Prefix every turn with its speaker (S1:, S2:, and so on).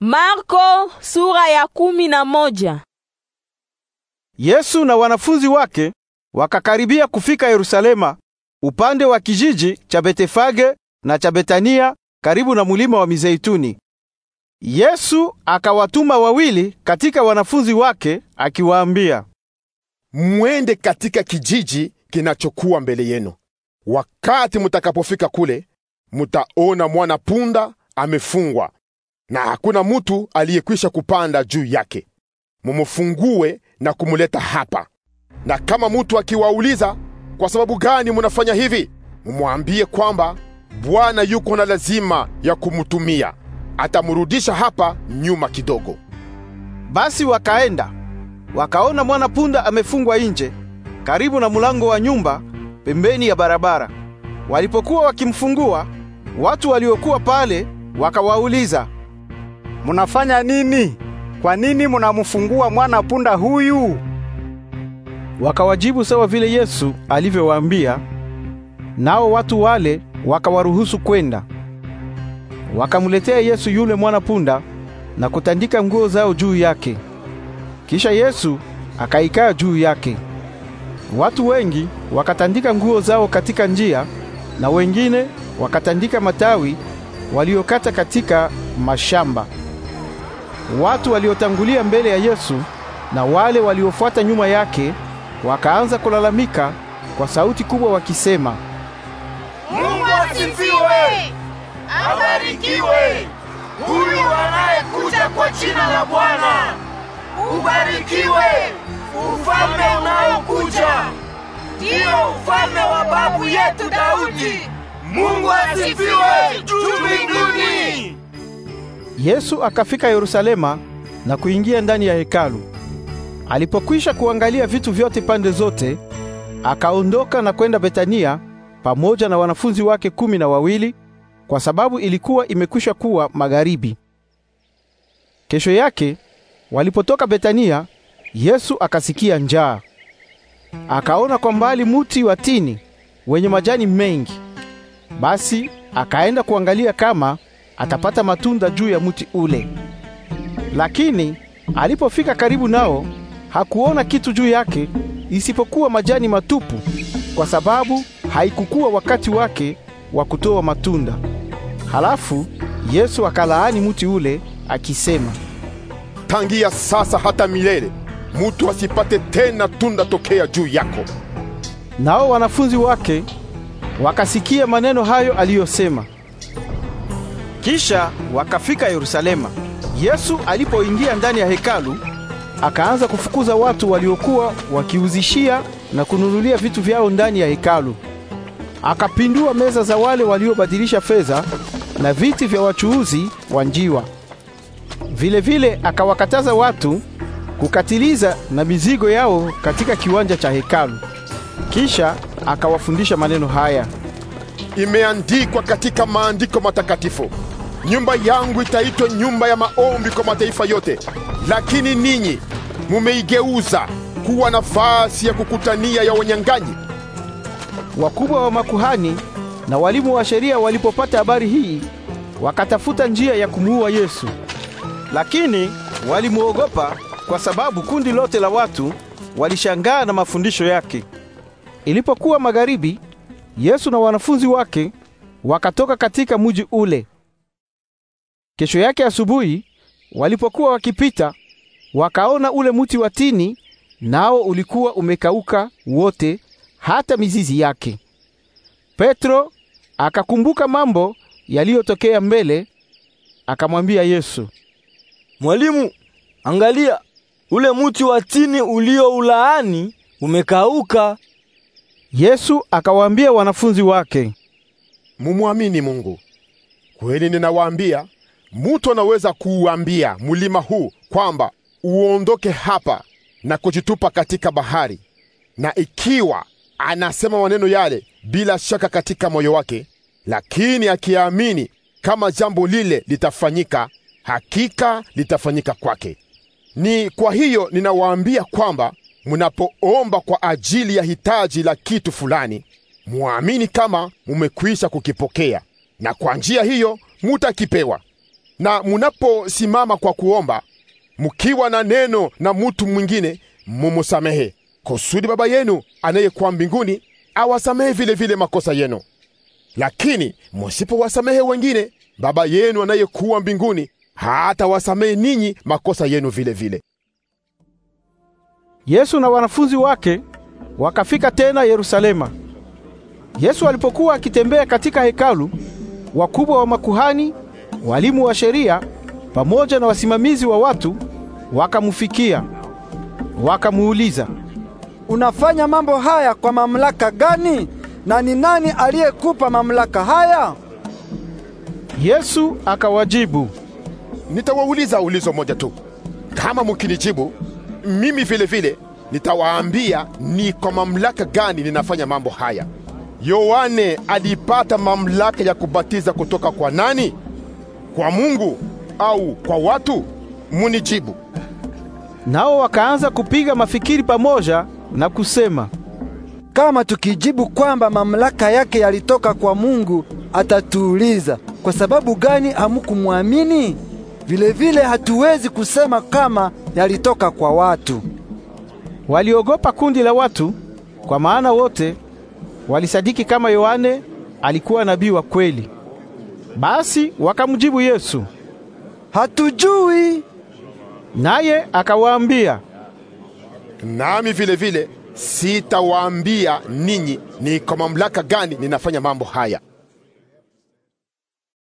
S1: Marko sura ya kumi na moja.
S2: Yesu na wanafunzi wake wakakaribia kufika Yerusalema upande wa kijiji cha Betefage na cha Betania karibu na mulima wa Mizeituni. Yesu akawatuma wawili katika wanafunzi wake akiwaambia,
S1: Mwende katika kijiji kinachokuwa mbele yenu. Wakati mutakapofika kule, mutaona mwana punda amefungwa na hakuna mutu aliyekwisha kupanda juu yake. Mumufungue na kumuleta hapa. Na kama mutu akiwauliza kwa sababu gani munafanya hivi, mumwambie kwamba Bwana yuko na lazima ya kumtumia, atamurudisha hapa nyuma kidogo. Basi wakaenda wakaona mwana
S2: punda amefungwa nje karibu na mulango wa nyumba pembeni ya barabara. Walipokuwa wakimfungua, watu waliokuwa pale wakawauliza munafanya nini? Kwa nini munamufungua mwana punda huyu? Wakawajibu sawa vile Yesu alivyowaambia, nao watu wale wakawaruhusu kwenda. Wakamletea Yesu yule mwana punda na kutandika nguo zao juu yake. Kisha Yesu akaikaa juu yake. Watu wengi wakatandika nguo zao katika njia na wengine wakatandika matawi waliokata katika mashamba. Watu waliotangulia mbele ya Yesu na wale waliofuata nyuma yake wakaanza kulalamika kwa sauti kubwa wakisema, Mungu asifiwe! Abarikiwe huyu anayekuja kwa jina la Bwana! Ubarikiwe
S1: ufalme unaokuja! Ndiyo ufalme wa babu yetu Daudi! Mungu asifiwe juu mbinguni!
S2: Yesu akafika Yerusalema na kuingia ndani ya hekalu. Alipokwisha kuangalia vitu vyote pande zote, akaondoka na kwenda Betania pamoja na wanafunzi wake kumi na wawili, kwa sababu ilikuwa imekwisha kuwa magharibi. Kesho yake walipotoka Betania, Yesu akasikia njaa. Akaona kwa mbali muti wa tini wenye majani mengi, basi akaenda kuangalia kama atapata matunda juu ya mti ule. Lakini alipofika karibu nao, hakuona kitu juu yake isipokuwa majani matupu, kwa sababu haikukuwa wakati wake wa kutoa matunda. Halafu Yesu akalaani mti ule
S1: akisema, tangia sasa hata milele mutu asipate tena tunda tokea juu yako. Nao wanafunzi wake
S2: wakasikia maneno hayo aliyosema. Kisha wakafika Yerusalema. Yesu alipoingia ndani ya hekalu, akaanza kufukuza watu waliokuwa wakiuzishia na kununulia vitu vyao ndani ya hekalu. Akapindua meza za wale waliobadilisha fedha na viti vya wachuuzi wa njiwa. Vile vile akawakataza watu kukatiliza na mizigo yao
S1: katika kiwanja cha hekalu. Kisha akawafundisha maneno haya: Imeandikwa katika maandiko matakatifu nyumba yangu itaitwa nyumba ya maombi kwa mataifa yote, lakini ninyi mumeigeuza kuwa nafasi ya kukutania ya wanyang'anyi. Wakubwa wa makuhani
S2: na walimu wa sheria walipopata habari hii, wakatafuta njia ya kumuua Yesu, lakini walimwogopa kwa sababu kundi lote la watu walishangaa na mafundisho yake. Ilipokuwa magharibi, Yesu na wanafunzi wake wakatoka katika mji ule. Kesho yake asubuhi walipokuwa wakipita, wakaona ule mti wa tini, nao ulikuwa umekauka wote, hata mizizi yake. Petro akakumbuka mambo yaliyotokea mbele, akamwambia Yesu, Mwalimu, angalia ule mti wa tini ulioulaani
S1: umekauka. Yesu akawaambia wanafunzi wake, mumwamini Mungu. Kweli ninawaambia Mtu anaweza kuuambia mlima huu kwamba uondoke hapa na kujitupa katika bahari, na ikiwa anasema maneno yale bila shaka katika moyo wake, lakini akiamini kama jambo lile litafanyika, hakika litafanyika kwake. Ni kwa hiyo ninawaambia kwamba mnapoomba kwa ajili ya hitaji la kitu fulani, muamini kama mumekwisha kukipokea, na kwa njia hiyo mutakipewa na munaposimama kwa kuomba, mkiwa na neno na mutu mwingine, mumusamehe, kusudi Baba yenu anayekuwa mbinguni awasamehe vile vile makosa yenu. Lakini musipowasamehe wengine, Baba yenu anayekuwa mbinguni hata wasamehe ninyi makosa yenu vile vile. Yesu na
S2: wanafunzi wake wakafika tena Yerusalema. Yesu alipokuwa akitembea katika hekalu, wakubwa wa makuhani walimu wa sheria pamoja na wasimamizi wa watu wakamfikia, wakamuuliza, unafanya mambo haya kwa mamlaka gani? Na ni nani aliyekupa
S1: mamlaka haya? Yesu akawajibu, nitawauliza ulizo moja tu. Kama mukinijibu mimi vile vile nitawaambia ni kwa mamlaka gani ninafanya mambo haya. Yohane alipata mamlaka ya kubatiza kutoka kwa nani? kwa Mungu au kwa watu? Munijibu. Nao wakaanza kupiga mafikiri pamoja
S2: na kusema, kama tukijibu kwamba mamlaka yake yalitoka kwa Mungu, atatuuliza kwa sababu gani hamukumwamini? Vilevile hatuwezi kusema kama yalitoka kwa watu. Waliogopa kundi la watu, kwa maana wote walisadiki kama Yohane alikuwa nabii wa kweli. Basi wakamjibu Yesu,
S1: hatujui. Naye akawaambia, nami vile vile sitawaambia ninyi ni kwa mamlaka gani ninafanya mambo haya.